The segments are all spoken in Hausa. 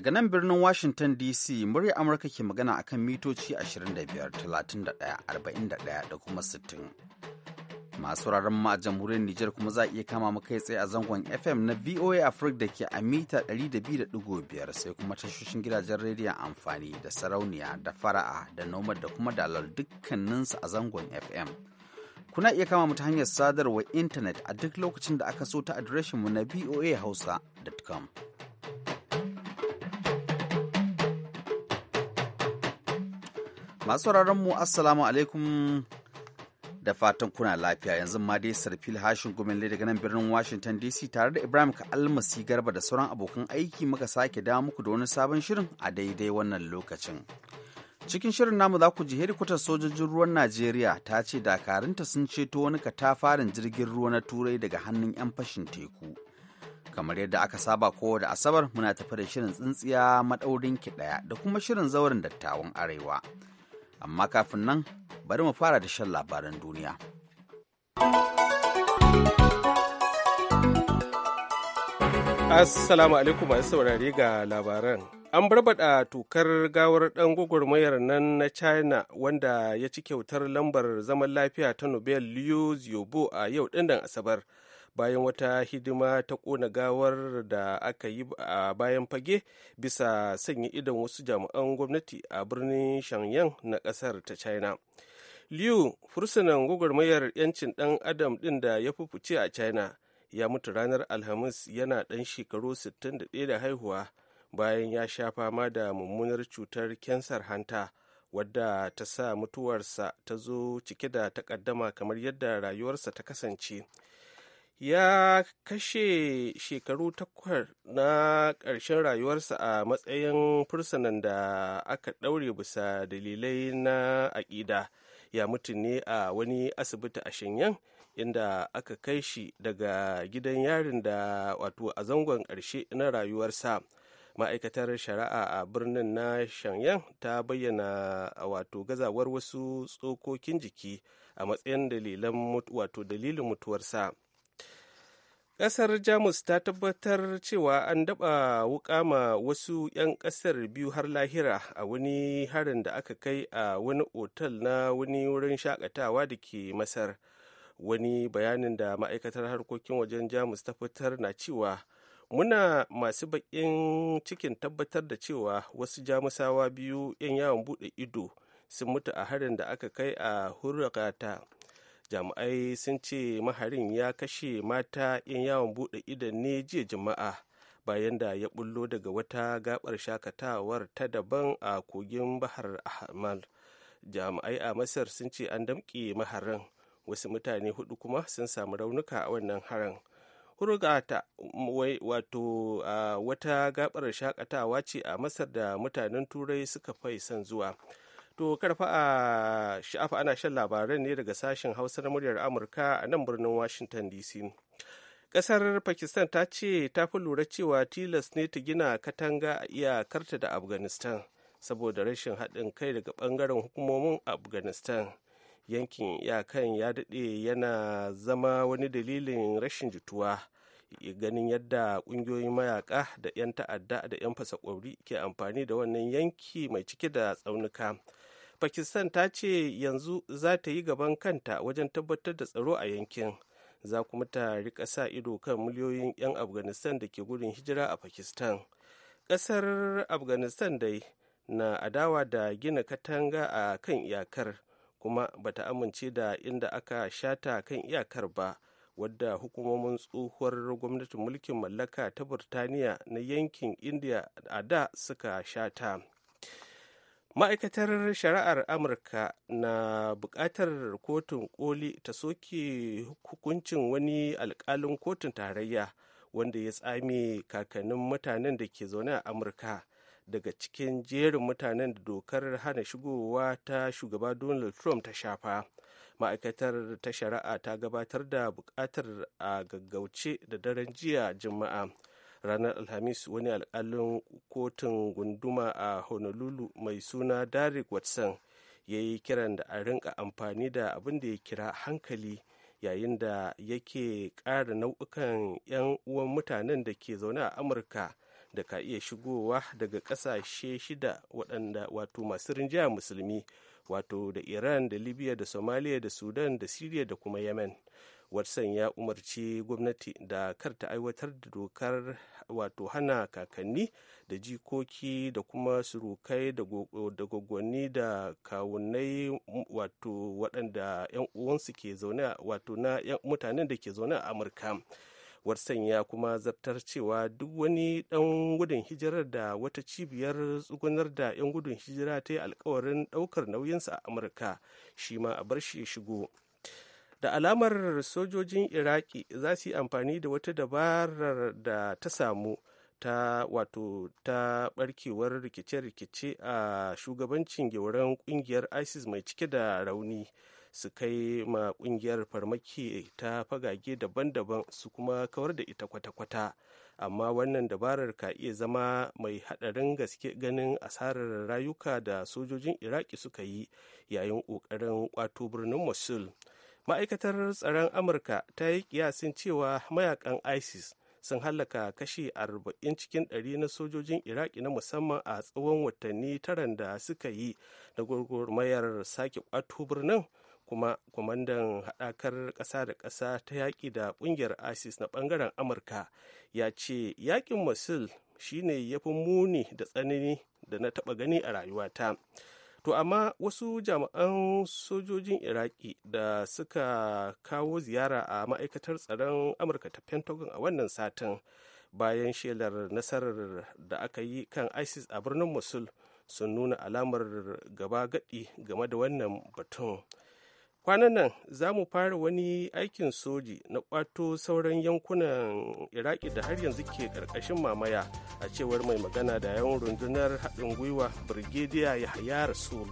Daga nan birnin Washington DC murya Amurka ke magana a kan mitoci 25, 31, 41 da kuma 60. Masu rarren ma a jamhuriyar Nijar kuma za a iya kama mu kai tsaye a zangon FM na VOA Africa da ke a mita 200.5 sai kuma tashoshin gidajen rediyon amfani da sarauniya da fara'a da nomad da kuma dalar dukkaninsu a zangon FM. Kuna iya kama mu ta hanyar sadarwar intanet a duk lokacin da aka so ta adireshinmu na voahausa.com. masu sauraron mu assalamu alaikum da fatan kuna lafiya yanzu ma dai sarfil hashin gumelle daga nan birnin washington dc tare da ibrahim almasi garba da sauran abokan aiki muka sake dawo muku da wani sabon shirin a daidai wannan lokacin cikin shirin namu za ku ji hedikwatar sojojin ruwan najeriya ta ce dakarunta sun ceto wani katafarin jirgin ruwa na turai daga hannun 'yan fashin teku kamar yadda aka saba kowa da asabar muna tafi da shirin tsintsiya maɗaurin ki ɗaya da kuma shirin zauren dattawan arewa amma kafin nan bari mu fara da shan labaran duniya. Assalamu alaikum masu saurare ga labaran. An barbada tukar gawar ɗan gwagwarmayar nan na China wanda ya ci kyautar lambar zaman lafiya ta Nobel Liu Xiaobo a yau ɗin Asabar. bayan wata hidima ta kona gawar da aka yi a bayan fage bisa sanya idon wasu jami'an gwamnati a birnin shanyang na kasar ta china liu fursunan gwagwarmayar 'yancin dan adam ɗin da ya fufuce a china ya mutu ranar alhamis yana dan shekaru 61 da haihuwa bayan ya sha fama da mummunar cutar kensar hanta wadda ta sa mutuwarsa ta zo cike da takaddama kamar yadda rayuwarsa ta kasance ya kashe shekaru takwas na ƙarshen rayuwarsa a matsayin fursunan da aka ɗaure bisa dalilai na aƙida ya mutu ne a wani asibiti a shanyan inda aka kai shi daga gidan yarin da wato a zangon ƙarshe na rayuwarsa ma'aikatar shari'a a birnin na shanyan ta bayyana wato gazawar wasu tsokokin jiki a matsayin dalilan dalilin mutuwarsa Ƙasar Jamus ta tabbatar cewa an daɓa wuƙa ma wasu 'yan ƙasar biyu har lahira a wani harin da aka kai a wani otal na wani wurin shakatawa da ke Masar. Wani bayanin da ma'aikatar harkokin wajen Jamus ta fitar na cewa muna masu baƙin cikin tabbatar da cewa wasu jamusawa biyu 'yan yawon bude ido sun mutu a harin da aka kai a Hurrata jami'ai sun ce maharin ya kashe mata 'yan yawon bude idan ne jiya jama'a bayan da ya bullo daga wata gabar shakatawar ta daban a kogin bahar ahmad jami'ai a masar sun ce an damƙe maharin wasu mutane hudu kuma sun samu raunuka a wannan harin hurgata wato wata gabar shakatawa ce a masar da mutanen turai suka fai son zuwa To karfa a sha'afa ana shan labaran ne daga sashen Hausa na muryar Amurka a nan birnin Washington DC. Ƙasar Pakistan ta ce ta fi lura cewa tilas ne ta gina katanga a iyakarta da Afghanistan saboda rashin haɗin kai daga ɓangaren hukumomin Afghanistan. Yankin iyakan ya daɗe yana zama wani dalilin rashin jituwa. ganin yadda ƙungiyoyin mayaka da 'yan ta'adda da 'yan fasa ke amfani da wannan yanki mai cike da tsaunuka pakistan ta ce yanzu za ta yi gaban kanta wajen tabbatar da tsaro a yankin za kuma ta rika sa ido kan miliyoyin 'yan afghanistan da ke gudun hijira a pakistan ƙasar afghanistan dai na adawa da gina katanga a kan iyakar kuma bata amince da inda aka shata kan iyakar ba wadda hukumomin tsohuwar gwamnatin mulkin mallaka ta burtaniya na yankin india a da suka shata ma'aikatar shari'ar amurka na buƙatar kotun koli ta soke hukuncin wani alƙalin kotun tarayya wanda ya tsame kakannin mutanen da ke zaune a amurka daga cikin jerin mutanen da dokar hana shigowa ta shugaba donald trump ta shafa ma'aikatar ta shari'a ta gabatar da buƙatar a gaggauce da daren jiya juma'a ranar alhamis wani alkalin kotun gunduma a honolulu mai suna derek watson ya yi kiran da a rinka amfani da abin da ya kira hankali yayin da yake ƙara nau'ukan 'yan uwan mutanen da ke zaune a amurka da ka iya shigowa daga ƙasashe shida waɗanda wato masu rinjaya musulmi wato da iran da libya da somalia da sudan da syria da kuma yemen watson ya umarci gwamnati da kar ta aiwatar da dokar wato hana kakanni da jikoki da kuma surukai da gwaggwani da kawunai wato waɗanda 'yan uwansu ke zaune wato na mutanen da ke zaune a amurka watson ya kuma zartar cewa duk wani ɗan gudun hijirar da wata cibiyar tsugunar da 'yan gudun hijira ta yi alkawarin ɗaukar nauyinsa a amurka shi ma a bar shi ya shigo da alamar sojojin iraki za su yi amfani da wata dabarar da ta samu ta wato ta barkewar rikice-rikice a shugabancin gyauran kungiyar isis mai cike da rauni su kai ma kungiyar farmaki ta fagage daban-daban su kuma kawar da ita kwata-kwata amma wannan dabarar ka iya zama mai hadarin gaske ganin asarar rayuka da sojojin iraki suka yi yayin ƙoƙarin ƙwato birnin mosul ma'aikatar tsaron amurka ta yi kiyasin cewa mayakan isis sun hallaka kashi 40 cikin 100 na sojojin iraki na musamman a tsawon watanni taran da suka yi da gurgurmayar sake kwato birnin kuma kwamandan haɗakar ƙasa da ƙasa ta yaƙi da ƙungiyar isis na ɓangaren amurka ya ce yaƙin mosul shine ya fi muni da tsanani da na taɓa gani a rayuwata to amma wasu jami'an sojojin iraki da suka kawo ziyara a ma'aikatar tsaron amurka ta pentagon a wannan satin bayan shelar nasarar da aka yi kan isis a birnin musul sun nuna alamar gaba gadi game da wannan batun kwanan nan za mu fara wani aikin soji na kwato sauran yankunan iraki da har yanzu ke karkashin mamaya a cewar mai magana da yawan rundunar haɗin gwiwa brigadier yahaya rasul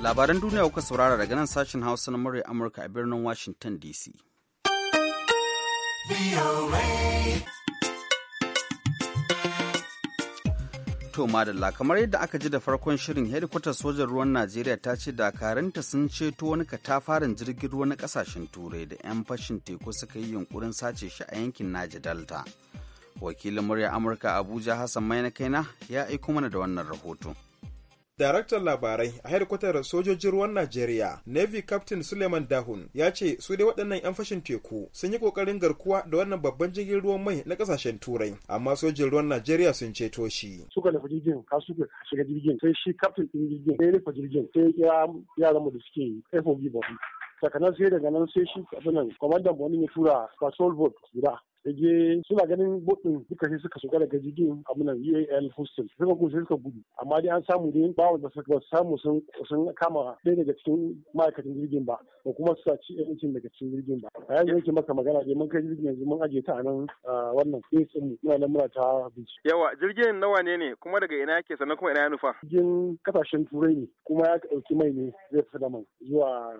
labaran duniya kuka saurara daga nan sashen hausa na murya amurka a birnin washington dc To Madalla, kamar yadda aka ji da farkon shirin hedikwatar sojan ruwan Najeriya ta ce dakaranta sun ceto wani katafaren jirgin ruwa na kasashen turai da 'yan fashin teku suka yi yunkurin sace shi a yankin Naji Delta. Wakilin murya Amurka Abuja Hassan Mai na kaina ya aiko mana da wannan rahoton. Daraktan labarai a hedkwatar sojojin ruwan Najeriya, Navy Captain Suleiman Dahun ya ce su dai waɗannan 'yan fashin teku sun yi ƙoƙarin garkuwa da wannan babban jirgin ruwan mai na ƙasashen Turai, amma sojin ruwan Najeriya sun ceto shi. Suka nufi jirgin, ka suka shiga jirgin, sai shi captain ɗin jirgin, sai nufa jirgin, sai ya mu da suke FOB ba. Sakanan sai daga nan sai shi abinan kwamandan Bonin ya tura patrol boat guda je suna ganin bukin duka shi suka shiga daga jirgin amunan UAL hostel suka kusa suka gudu amma dai an samu dai ba wanda suka samu sun sun kama ɗaya daga cikin ma'aikatan jirgin ba ko kuma su ci yancin daga cikin jirgin ba a yanzu yake maka magana dai mun kai jirgin yanzu mun aje ta a nan wannan base mu muna nan muna ta bincike yawa jirgin nawa ne ne kuma daga ina yake sannan kuma ina ya nufa jirgin kasashen turai ne kuma ya ɗauki mai ne zai fita da mai zuwa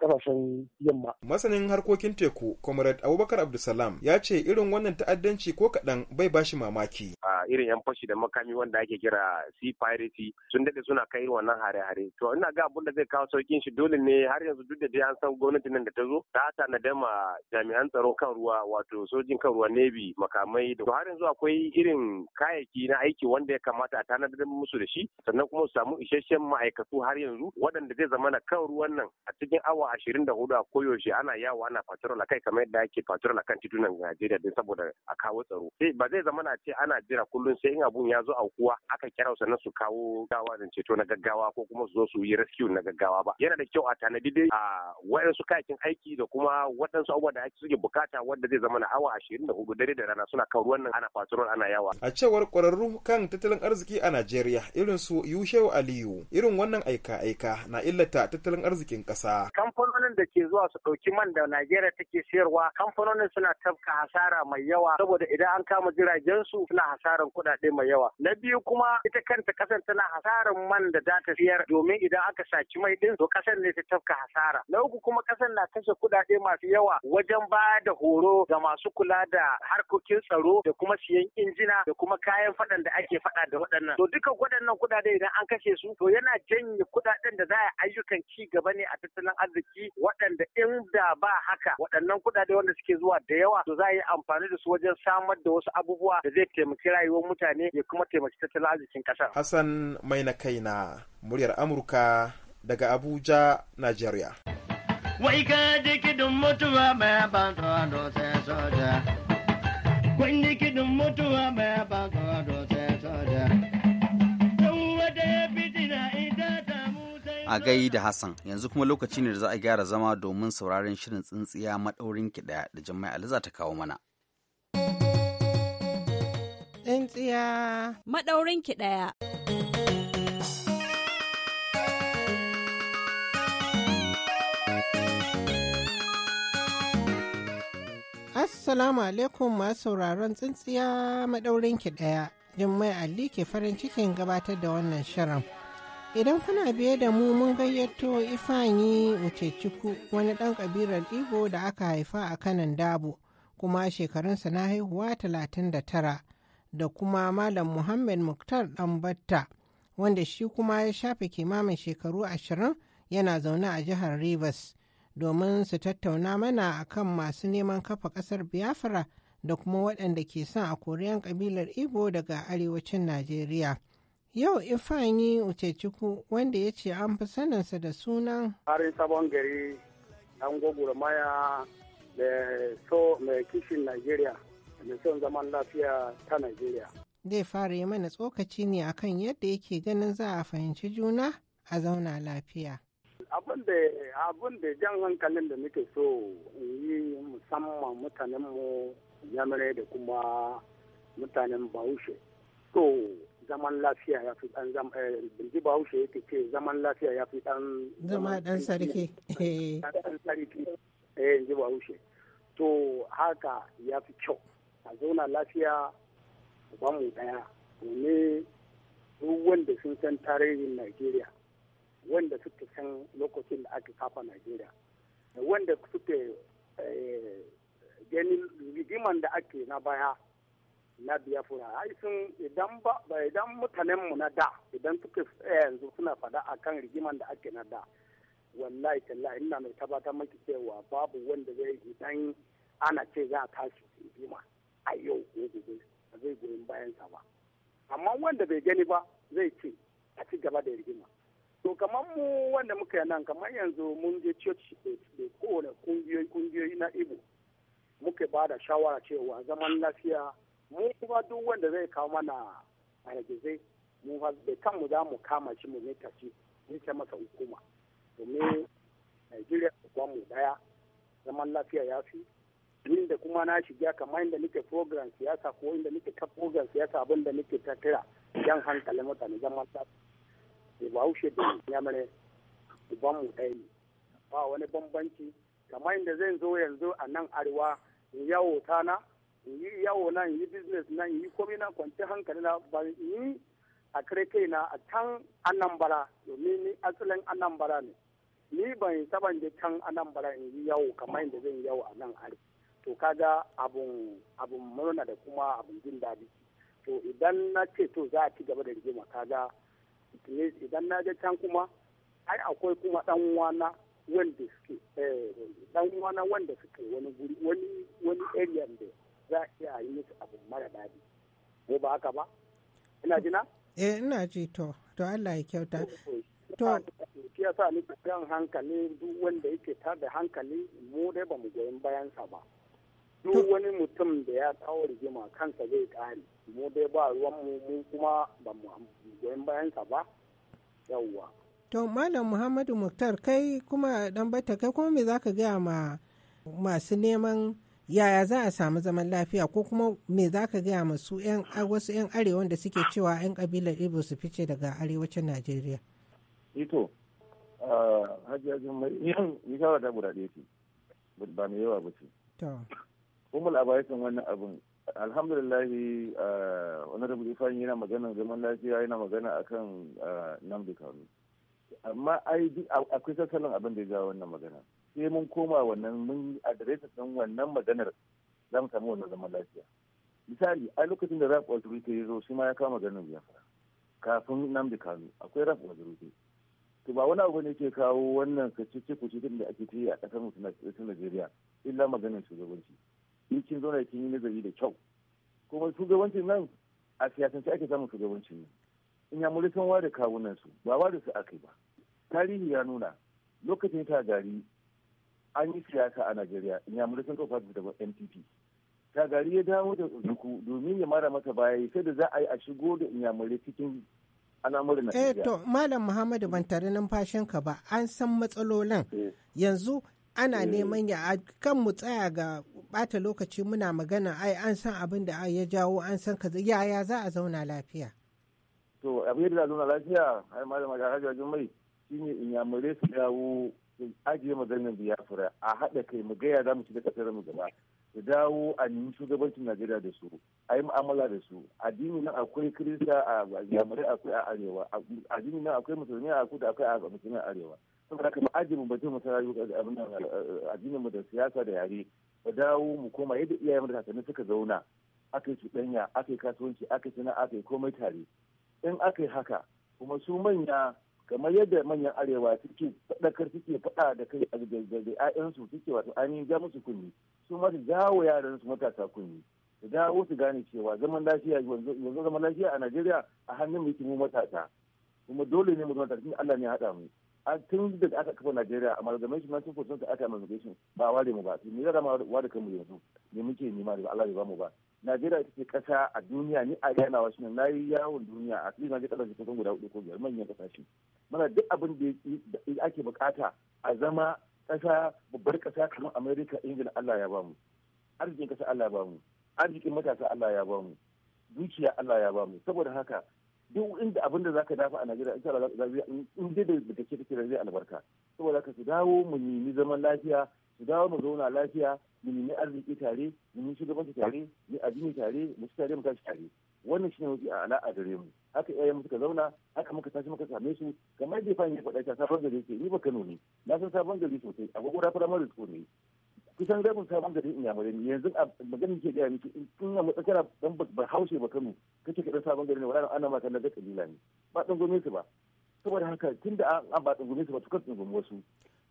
kasashen yamma masanin harkokin teku comrade abubakar abdulsalam ya ce irin wannan ta'addanci ko kaɗan bai bashi mamaki. A irin 'yan fashi da makami wanda ake kira sea piracy sun daɗe suna kai wannan hare-hare. To ina ga abin da zai kawo saukin shi dole ne har yanzu duk da dai an san gwamnati nan da ta zo ta tanada ma jami'an tsaro kan ruwa wato sojin kan ruwa navy makamai da har yanzu akwai irin kayayyaki na aiki wanda ya kamata a tanadar musu da shi sannan kuma su samu isasshen ma'aikatu har yanzu waɗanda zai zamana kan ruwan nan a cikin awa ashirin da hudu a koyaushe ana yawo ana patrol a kai kamar yadda ake patrol a kan titunan Najeriya. da din saboda a kawo tsaro sai eh, ba zai zama na ce ana jira kullum sai in abun ya zo aukuwa aka kira sannan su kawo gawa da ceto na gaggawa ko kuma su zo su yi rescue na gaggawa ba yana da kyau a tanadi dai a waɗansu kayakin aiki da kuma waɗansu abubuwa da ake suke bukata wanda zai zama na awa ashirin da hudu dare da rana suna kawo ruwan nan ana faturol ana yawa a cewar kwararru kan tattalin arziki a Najeriya irin su Yushewu Aliyu irin wannan aika-aika na illata tattalin arzikin ƙasa kamfanonin da ke zuwa su ɗauki man da Najeriya take sayarwa kamfanonin suna tafka hasa hasara mai yawa saboda idan an kama jiragen su suna hasaran kuɗaɗe mai yawa na biyu kuma ita kanta kasar tana hasaran man da za ta siyar domin idan aka saci mai din to kasar ne ta tafka hasara na uku kuma kasar na kashe kuɗaɗe masu yawa wajen ba da horo ga masu kula da harkokin tsaro da kuma siyan injina da kuma kayan faɗan da ake faɗa da waɗannan to duka waɗannan kuɗaɗe idan an kashe su to yana janye kuɗaɗen da za a ayyukan ci gaba ne a tattalin arziki waɗanda in da ba haka waɗannan kuɗaɗe wanda suke zuwa da yawa to za a yi amfani da su wajen samar da wasu abubuwa da zai taimaki rayuwar mutane ya kuma taimaki tattalin arzikin ƙasar. Hassan mai na kai na muryar Amurka daga Abuja, Najeriya. Wai ka ji kidin mutuwa mai ban soja. Kun ji kidin mutuwa mai ban soja. a gai da Hassan yanzu kuma lokaci ne da za a gyara zama domin sauraron shirin tsintsiya maɗaurin kiɗa da Jummai Aliza ta kawo mana. Tsintsiya maɗaurin kiɗaya. Assalamu alaikum masu sauraron tsintsiya maɗaurin kiɗaya. Jummai Ali ke farin cikin gabatar da wannan shirin. Idan kuna biye da mu mun gayyato Ifanyi Ucheciku wani ɗan ƙabilar Igbo da aka haifa a kanan dabo kuma shekarunsa na haihuwa 39 da kuma Malam Muhammad Muktar batta, wanda shi kuma ya shafe kimamin shekaru 20 yana zaune a jihar Rivers domin su tattauna mana akan masu neman kafa ƙasar Biafra da kuma waɗanda ke son a koriyan ƙabilar Igbo daga arewacin Najeriya. Yau ifanyi Uchechukwu wanda ya ce an fi saninsa da sunan Harin Sabon Gari ɗan gwagwarmaya da so mai kishin Najeriya da son zaman lafiya ta Najeriya. Zai fara yi mana tsokaci ne akan yadda yake ganin za a fahimci juna a zauna lafiya. Abin da jan hankalin da muke so yi musamman mutanenmu yamare da kuma mutanen bahaushe. So, zaman lafiya ya fi dan zama bilji eh, bahaushe yake ce zaman lafiya ya fi dan zama dan sarki dan sarki eh bilji bahaushe to haka ya fi kyau a zauna lafiya mu daya ne duk wanda sun san tarihin Najeriya wanda suka san lokacin da aka kafa Najeriya da wanda suke eh, ganin rigiman da ake na baya na biyafura ai sun idan ba idan mutanen mu na da idan suka yanzu suna fada akan rigiman da ake na da wallahi tallahi ina mai tabbatar maki cewa babu wanda zai idan ana ce za a tashi rigima a yau ko gobe zai goyin sa ba amma wanda bai gani ba zai ce a ci gaba da rigima to kamar mu wanda muka yi nan kamar yanzu mun je church da kowane kungiyoyi kungiyoyi na ibo muka ba da shawara cewa zaman lafiya mu kuma duk wanda zai kawo mana hargizai mu fa da mu za mu kama shi mu ne tafi mu ce masa hukuma domin Najeriya kuma mu daya zaman lafiya ya fi yin da kuma na shiga kamar inda nake program siyasa ko inda nake ta program siyasa abin da ta kira yan hankalin mutane zaman lafiya ba haushe da ya uban mu ɗaya ne ba wani bambanci kamar inda zai zo yanzu a nan arewa in yawo tana yi yawo nan yi business nan yi komai na kwanci hankali na ba ni a kare na a can anambara domin ni asalin anambara ne ni ban saban da can anambara in yi yawo kamar yadda zan yawo a nan are to kaga abun abun murna da kuma abun jin daɗi to idan na ce to za a ci gaba da rigima kaga idan na je can kuma ai akwai kuma dan wana wanda suke dan eh, wana wanda suke wani wani wani area da za a iya yi musu abu mara daɗi ko ba haka ba ina jina eh ina ji to to Allah ya kyauta to ya sa ni kan hankali duk wanda yake tar da hankali mu dai ba mu goyin bayan sa ba duk wani mutum da ya kawo rigima kansa zai kare mu dai ba ruwan mu mu kuma ba mu goyin bayan sa ba yawwa to malam muhammadu muktar kai kuma dan bata kai kuma me zaka ga ma masu neman yaya za a samu zaman lafiya ko kuma me za ka gaya masu wasu 'yan arewa da suke cewa 'yan kabilar ibo su fice daga arewacin najeriya ito eh hajjajin mai yin shawara ta guda ce ba mai yawa ba ce kuma labarin wannan abin alhamdulillahi wani da fahimci yana magana zaman lafiya yana magana akan namdi kanu amma akwai sassanin abin da ya jawo wannan magana sai mun koma wannan mun adiresa ɗin wannan maganar za mu samu wannan zaman lafiya misali a lokacin da rap wazirute ya zo shi ma ya kama ganin biafra kafin da kano akwai rap wazirute to ba wani abu ne ke kawo wannan kacici kucitin da ake yi a ƙasar mutum najeriya illa maganar shugabanci in kin zo kin yi nazari da kyau kuma shugabancin nan a siyasance ake samun shugabancin ne in ya muri wa ware kawunan su ba da su akai ba tarihi ya nuna lokacin ta gari an yi siyasa a najeriya inyamurai sun kafa da npp gari ya dawo da duku domin ya mara masa baya sai da za a yi a shigo da inyamurai cikin al'amuran najeriya eh to malam muhammadu ban tare ka ba an san matsalolin eh. yanzu ana eh. neman ya kan mu tsaya ga bata lokaci muna magana ai an san abin da ya jawo an san ka yaya za a zauna lafiya to abin da za a zauna lafiya har malama ga hajjajin mai shine mure su dawo ajiye maganar biyafura a haɗa kai mu gaya za mu shiga ƙasar mu gaba su dawo a nemi shugabancin najeriya da su a yi mu'amala da su addini nan akwai kirista a yamurai akwai a arewa addini nan akwai musulmi a kudu akwai a musulmi a arewa saboda haka mu ajiye mu batun musana addini mu da siyasa da yare mu dawo mu koma yadda iyayen da kakanni suka zauna aka yi cuɗanya aka yi kasuwanci aka yi sana'a aka yi komai tare in aka yi haka kuma su manya kamar yadda manyan arewa suke faɗakar suke faɗa da kai a gaggade ayansu suke wato ainihin ja musu kunni su ma su jawo yaran su matasa kunni su dawo su gane cewa zaman lafiya yanzu zaman lafiya a najeriya a hannun mutum mu matasa kuma dole ne mu zama tarihin allah ne haɗa mu a tun da aka kafa najeriya a shi mai tun kusan aka amalgamation ba ware mu ba me zama ware kanmu yanzu ne muke nema da allah bai ba mu ba najeriya ita ce kasa a duniya ni a yana wasu na yi yawon duniya a cikin najeriya kasashe kusan guda hudu ko biyar manyan kasashe mana duk abin da ake bukata a zama kasa babbar kasa kamar america ingila allah ya bamu arzikin kasa allah ya bamu arzikin matasa allah ya bamu dukiya allah ya bamu saboda haka duk inda abin da ka dafa a najeriya in dai da kake kake zai albarka saboda haka su dawo mu nemi zaman lafiya su dawo mu zauna lafiya mu nemi arziki tare mu nemi shugabanci tare mu addini tare mu ci tare mu tashi tare wannan shine mafi ala a gare mu haka iyayen suka zauna haka muka tashi muka same su kamar da fani ya faɗa ta sabon gari ce ni ba Kano ne na san sabon gari sosai a gogora primary school ne kusan rabin sabon gari in yamare ne yanzu a maganin ke gaya miki in na matsakara dan ba haushe ba Kano kace kaɗan sabon gari ne wala ana ma kan da kabila ne ba dan gome su ba saboda haka tunda an ba dan gome su ba tukar dan gome wasu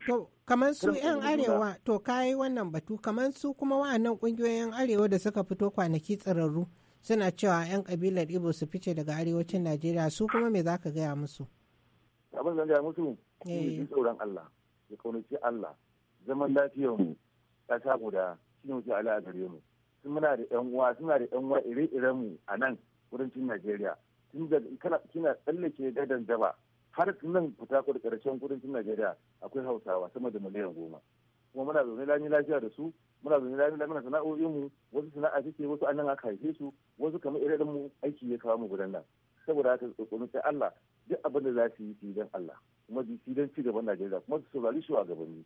To, kamar su 'yan arewa, to yi wannan batu, kamar su kuma wa'annan ƙungiyoyin arewa da suka fito kwanaki tsararru suna cewa 'yan kabilar Ibo su fice daga arewacin Najeriya su kuma me za ka gaya musu? Abin da gaya musu, shi eh. tsoron Allah, ya kaunaci Allah, zaman lafiyar mu, sa guda, shi ne muke a gare mu. Sun da 'yan uwa, suna da 'yan uwa ire-iren mu a nan kudancin Najeriya. Tun da kina tsallake gadon daba, har nan da karshen kudancin najeriya akwai hausawa sama da miliyan goma kuma muna zaune lami lafiya da su muna zaune lami lafiya muna sana'o'inmu wasu sana'a suke wasu anan aka haife su wasu kamar irin mu aiki ya kawo mu gudan nan saboda haka tsokonin sai Allah duk abin da za su yi su Allah kuma su yi ci gaban Najeriya kuma su saurari shugabanni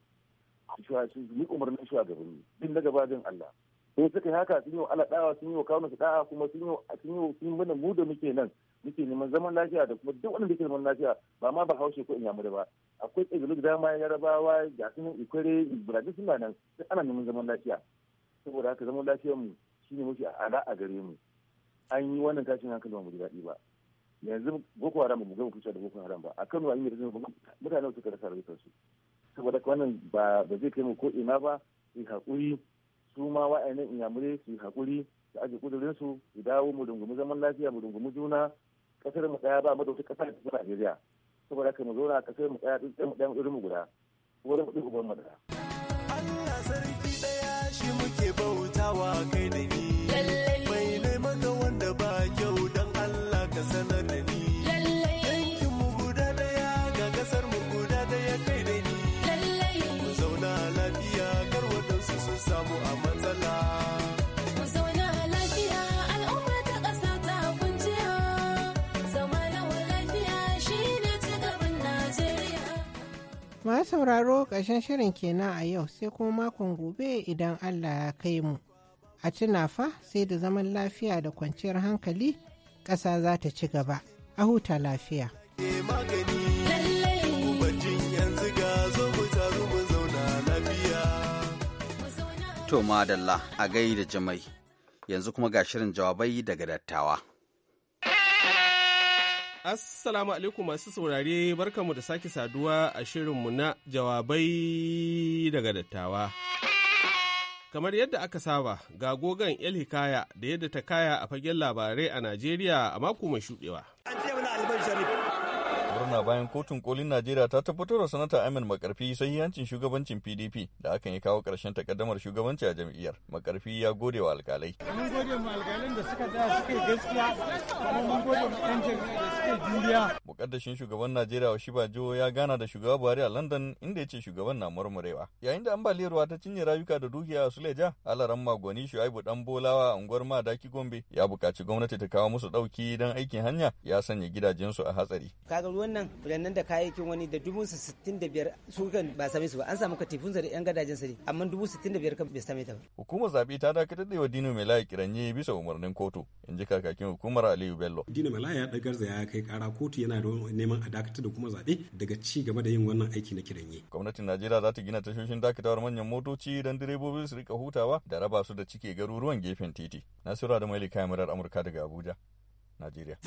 su yi umarnin shugabanni bin na gaba don Allah in suka yi haka sun yi wa Allah dawa sun yi wa kawunan su da'a kuma sun yi wa sun yi wa mu da muke nan muke neman zaman lafiya da kuma duk wanda yake neman lafiya ba ma ba haushe ko inyamuri ba akwai ƙabilu da dama yarabawa ga sunan ikwere ibrahim suna nan duk ana neman zaman lafiya saboda haka zaman lafiyar mu shine mafi ala a gare mu an yi wannan tashin hankali ba mu ji daɗi ba yanzu boko haram ba mu gama kusa da boko haram ba a kano an yi da mutane suka rasa rayukansu saboda wannan ba zai kai mu ko ina ba su haƙuri su ma wa'annan inyamurai su yi haƙuri su aje kudurinsu su dawo mu rungumi zaman lafiya mu rungumi juna kasar mu daya ba mu da wata kasa da Najeriya saboda haka mu zauna kasar mu daya tsintsiyar mu daya mu mu guda wani mu uban mu daya Allah sarki daya shi muke bautawa kai sauraro ƙarshen shirin kenan a yau sai kuma makon gobe idan Allah ya kai mu. A tuna fa sai da zaman lafiya da kwanciyar hankali ƙasa za ta ci gaba. A huta lafiya. To madalla a gai da jimai yanzu kuma ga shirin jawabai daga dattawa. Assalamu alaikum masu saurare barkanmu da sake saduwa a mu na jawabai daga dattawa. Kamar yadda aka saba ga gogon El Hikaya da yadda ta kaya a fagen labarai a Najeriya a mako mai shuɗewa. na bayan kotun kolin Najeriya ta tabbatar da sanata Ahmed Makarfi sahihancin shugabancin PDP da hakan ya kawo ƙarshen takaddamar shugabanci a jam'iyyar. Makarfi ya gode wa alkalai. Mun gode wa alkalin da suka da suka gaskiya kuma mun gode ma ɗan jam'iyyar da suka yi juriya. Mukaddashin shugaban Najeriya Oshiba Jo ya gana da shugaba Buhari a London inda ya ce shugaban na murmurewa. Yayin da ambaliyar ruwa ta cinye rayuka da dukiya a Suleja, Alaran Magwani Shu'aibu Dan Bolawa a unguwar Madaki Gombe ya bukaci gwamnati ta kawo musu ɗauki don aikin hanya ya sanya gidajensu a hatsari. Kaga ruwan nan da kayayyakin wani da dubu sittin da biyar su kan ba same su ba an samu katifun da yan gadajen sa amma dubu sittin da biyar kan bai same ta ba. Hukumar zaɓe ta dakatar da yawa Dino Melaya kiranye bisa umarnin kotu in ji kakakin hukumar Aliyu Bello. Dino layi ya ɗagar ya kai ƙara kotu yana da neman a dakatar da kuma zaɓe daga ci gaba da yin wannan aiki na kiranye. Gwamnatin Najeriya za ta gina tashoshin dakatawar manyan motoci don direbobi su rika hutawa da raba su da cike garuruwan gefen titi. Nasura da Maili kayan murar Amurka daga Abuja, Najeriya.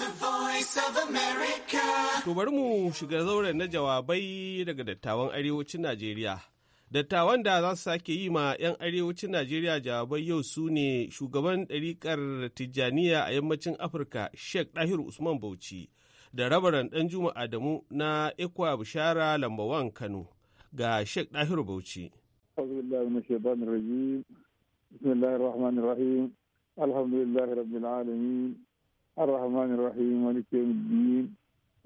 To bari mu shiga zauren na jawabai daga dattawan arewacin Najeriya. Dattawan da za su sake yi ma 'yan arewacin Najeriya jawabai yau su ne shugaban ɗariƙar Tijjaniya a yammacin Afirka Sheikh Ɗahir Usman Bauchi da rabaran ɗan Juma Adamu na Ikwa Bishara Lambawan Kano ga Sheikh Ɗahir Bauchi. Alhamdulillah, Alhamdulillahi Rabbil Alamin. الرحمن الرحيم مالك يوم الدين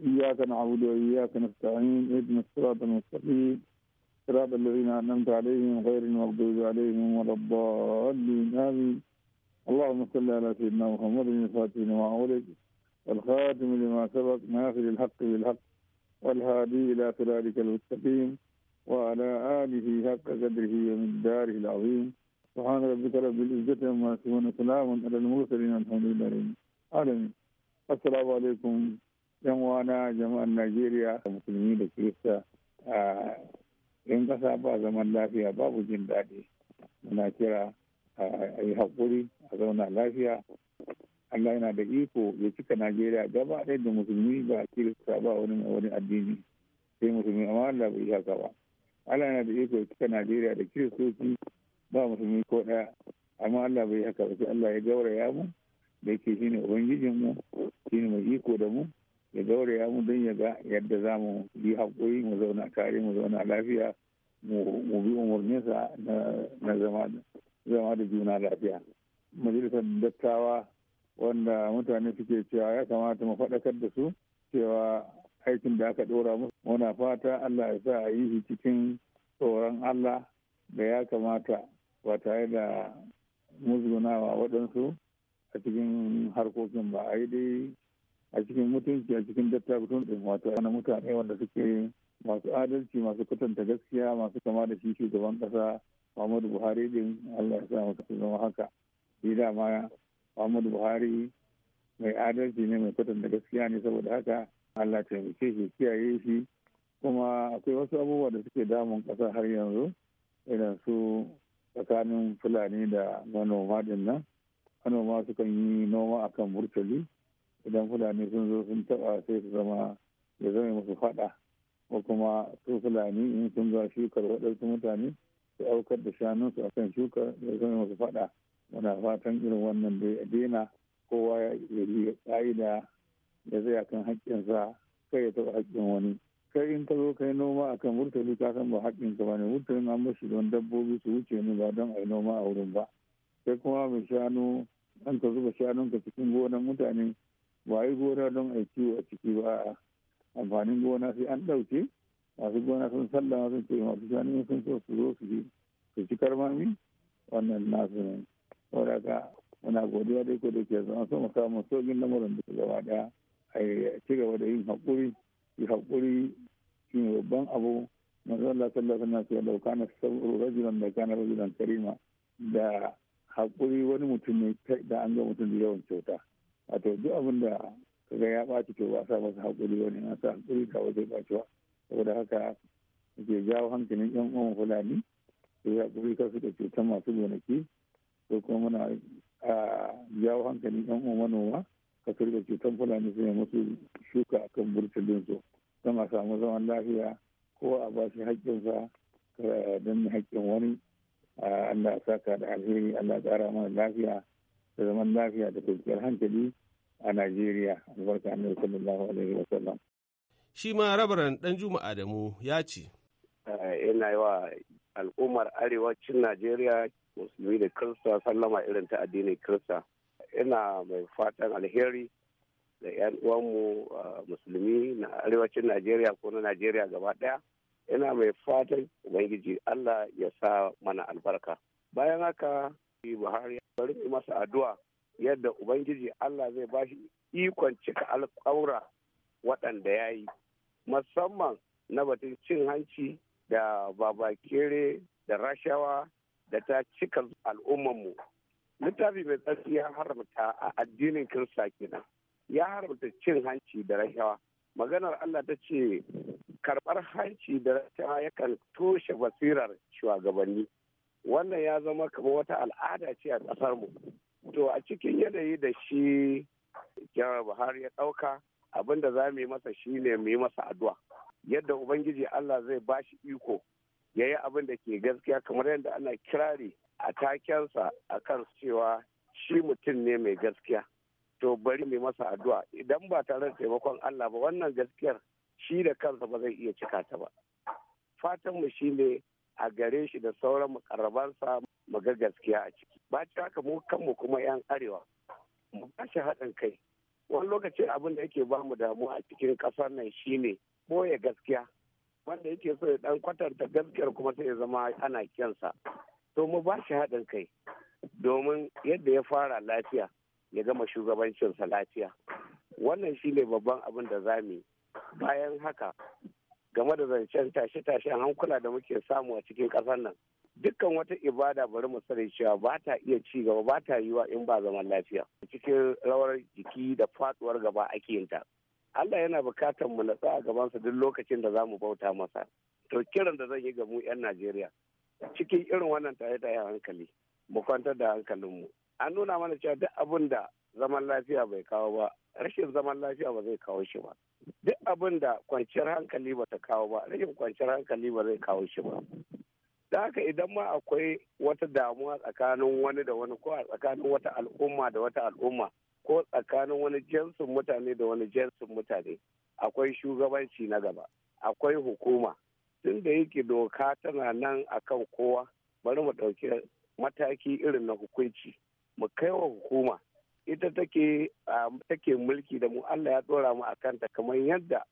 إياك نعبد وإياك نستعين اهدنا الصراط المستقيم صراط الذين أنعمت عليهم غير المغضوب عليهم ولا الضالين آمين اللهم صل على سيدنا محمد بن لما أولد والخاتم لما سبق ناخذ الحق بالحق والهادي إلى صراطك المستقيم وعلى آله حق قدره ومقداره العظيم سبحان ربك رب العزة عما يصفون وسلام على المرسلين الحمد لله Adam, Assalamu alaikum, ‘yan wana jama'ar Najeriya, musulmi da Kirista, a ‘yan ƙasa ba zaman lafiya babu jin daɗi. Muna kira a yi haƙuri, a zauna lafiya. Allah yana da iko ya cika Najeriya gaba ɗaya da musulmi ba Kirista ba wani wani addini. Sai musulmi amma Allah bai iya gaba. ba. Allah yana da iko ya cika Najeriya da Kiristoci ba musulmi ko ɗaya. Amma Allah bai iya gaba ba sai Allah ya gauraya mu. da yake shine ubangijinmu shine mai iko da mu ya gauraya mu don ya ga yadda za mu yi haƙuri mu zauna tare mu zauna lafiya mu bi umarninsa na zama da juna lafiya majalisar dattawa wanda mutane suke cewa ya kamata mu faɗakar da su cewa aikin da aka ɗora musu muna fata allah ya sa a yi shi cikin tsoron allah da ya kamata ba tare da musgunawa waɗansu a cikin harkokin ba a yi dai a cikin mutunci a cikin dattabutun ɗin wato na mutane wanda suke masu adalci masu kutanta gaskiya masu kama da shi shugaban ƙasa Muhammadu Buhari din Allah ya sa maka zama haka shi dama Muhammadu Buhari mai adalci ne mai kutanta gaskiya ne saboda haka Allah ta taimake shi kiyaye shi kuma akwai wasu abubuwa da suke damun ƙasa har yanzu idan su tsakanin Fulani da manoma din nan manoma sukan yi noma akan murtali idan fulani sun zo sun taba sai su zama ya zama musu fada ko kuma su fulani in sun zo shukar waɗansu mutane su aukar da shanunsu akan shukar ya zama musu fada muna fatan irin wannan da ya daina kowa ya yi ƙa'ida ya zai akan haƙƙinsa kai ya taɓa haƙƙin wani kai in ka zo ka yi noma akan murtali ka san ba haƙƙinka ba ne murtalin an mashi don dabbobi su wuce ni ba don a yi noma a wurin ba sai kuma mai shanu an ka zuba shanunka cikin gonan mutane ba yi gona don a kiwo a ciki ba amfanin gona sai an ɗauke masu gona sun sallama sun ce masu shanu sun so su zo su su ci karmami wannan nasu ne saboda ka muna godiya dai ko da ke zama so mu kawo sojin lamarin da gaba daya a ci gaba da yin haƙuri yi haƙuri shi babban abu masu Allah sallallahu alaihi wasallam ya dauka na sabu rajulan da kana rajulan karima da haƙuri wani mutum ne da an ga mutum da yawan kyauta to duk abin da kaga ya ɓaci to ba sa masa haƙuri wani na sa haƙuri ka wajen ɓacewa saboda haka ke jawo hankalin yan uwan fulani su yi haƙuri kasu da cutar masu gonaki ko kuma muna jawo hankalin yan uwan manoma kasu da cutar fulani su ne musu shuka kan burtulin su don a samu zaman lafiya ko a ba shi haƙƙinsa don haƙƙin wani Eh, Allah saka da alheri Allah tsara mana lafiya da zaman lafiya da kwanciyar hankali a Najeriya albarka annabi sallallahu alaihi wa sallam shi ma rabaran dan Juma Adamu ya ce eh, Ina yawa wa al'ummar arewacin Najeriya musulmi da kirista sallama irin ta addinin kirista ina mai fatan alheri da 'yan uwanmu eh, musulmi na arewacin najeriya ko na najeriya gaba daya ina mai fatan ubangiji allah ya sa mana albarka bayan haka buhari bari yi masa addu'a yadda ubangiji allah zai ba shi ikon cika alƙawura waɗanda ya yi musamman na batun cin hanci da babakere da rashawa da ta cika al'ummanmu littafi mai tsarki ya haramta a addinin kirista kenan ya haramta cin hanci da rashawa maganar Allah ta ce karɓar hanci da ta yakan toshe basirar shugabanni wannan ya zama kamar wata al'ada ce a ƙasar mu to a cikin yanayi da shi jihar buhari ya ɗauka abinda da za mu yi masa shi ne mu yi masa addu'a yadda ubangiji Allah zai ba shi iko ya yi abin da ke gaskiya kamar yadda ana kirari a takensa a kan cewa shi mutum ne mai gaskiya to bari mai masa addu'a idan ba tare da taimakon Allah ba wannan gaskiyar shi da kansa ba zai iya cika ta ba fatan mu ne a gare shi da sauran mukarrabansa mu ga gaskiya a ciki ba ci haka mu kanmu kuma yan arewa mu ba shi haɗin kai wani lokacin abin da yake ba mu damuwa a cikin ƙasar nan shi ne boye gaskiya wanda yake so ya ɗan kwatanta gaskiyar kuma sai ya zama ana kyansa to mu ba shi haɗin kai domin yadda ya fara lafiya ya gama shugabancinsa lafiya wannan shi ne babban abin da za mu bayan haka game da zancen tashe-tashen hankula da muke samu a cikin ƙasar nan dukkan wata ibada bari mu sani cewa ba ta iya ci gaba ba ta yiwa in ba zaman lafiya cikin rawar jiki da faduwar gaba ake yin ta Allah yana bukatar mu natsa a gabansa duk lokacin da zamu bauta masa to kiran da zan yi ga mu 'yan Najeriya cikin irin wannan tare da hankali mu kwantar da hankalinmu an nuna mana cewa duk abin da zaman lafiya bai kawo ba rashin zaman lafiya ba zai kawo shi ba duk abin da kwanciyar hankali ba ta kawo ba rashin kwanciyar hankali ba zai kawo shi ba da haka idan ma akwai wata damuwa tsakanin wani da wani ko a tsakanin wata al'umma da wata al'umma ko tsakanin wani jinsin mutane da wani jinsin mutane akwai shugabanci na gaba akwai hukuma tun da yake doka tana nan akan kowa bari mu ɗauki mataki irin na hukunci mu kai wa hukuma ita take take mulki da mu Allah ya tsora mu a kanta kamar yadda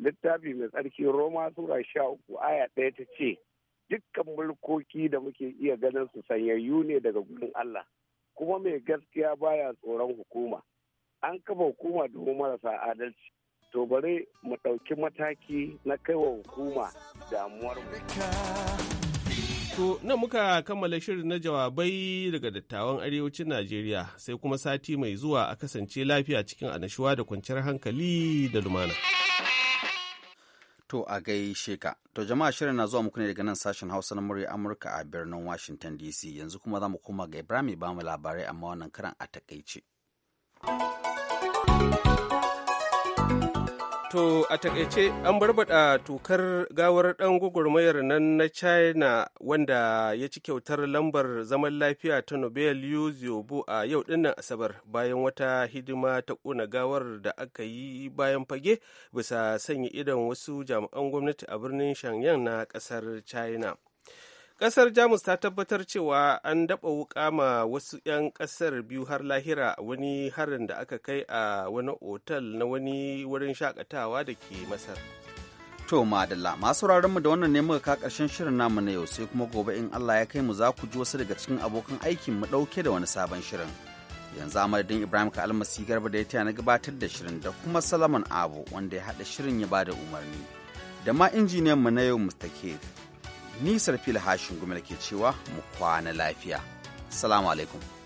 littafi mai tsarki Roma sura sha uku aya ɗaya ta ce dukkan mulkoki da muke iya ganin su sanyayyu ne daga gurin Allah kuma mai gaskiya baya tsoron hukuma an kafa hukuma domin marasa adalci to bare mu ɗauki mataki na kaiwa hukuma damuwar mu. To, nan muka kammala shirin na jawabai daga dattawan arewacin Najeriya sai kuma sati mai zuwa a kasance lafiya cikin anashuwa da kwanciyar hankali da lumana. To a gaishe ka. To jama'a shirin na zuwa muku ne daga nan sashen Hausa na murya Amurka a birnin Washington DC. Yanzu kuma za mu koma ga Ibrahim ba mu labarai amma wannan karan a takaice. To a takaice an barbada tokar gawar ɗan gwagwarmayar nan na China wanda ya ci kyautar lambar zaman lafiya ta Nobel Yu Ziobo a yau dinnan Asabar bayan wata hidima ta ƙona gawar da aka yi bayan fage bisa sanya idon wasu jami'an gwamnati a birnin shanyang na ƙasar China. kasar Jamus ta tabbatar cewa an daba wuka ma wasu 'yan kasar biyu har lahira a wani harin da aka kai a wani otal na wani wurin shakatawa da ke Masar. To madalla masu mu da wannan ne muka karshen shirin namu na yau sai kuma gobe in Allah ya kai mu za ku ji wasu daga cikin abokan aikin mu ɗauke da wani sabon shirin. Yanzu amadadin Ibrahim ka almasi garba da ya taya na gabatar da shirin da kuma Salaman Abu wanda ya haɗa shirin ya bada umarni. Da ma injiniyan mu na yau Mr. Keith. ni fili hashin gumi ke cewa mu kwana lafiya salamu alaikum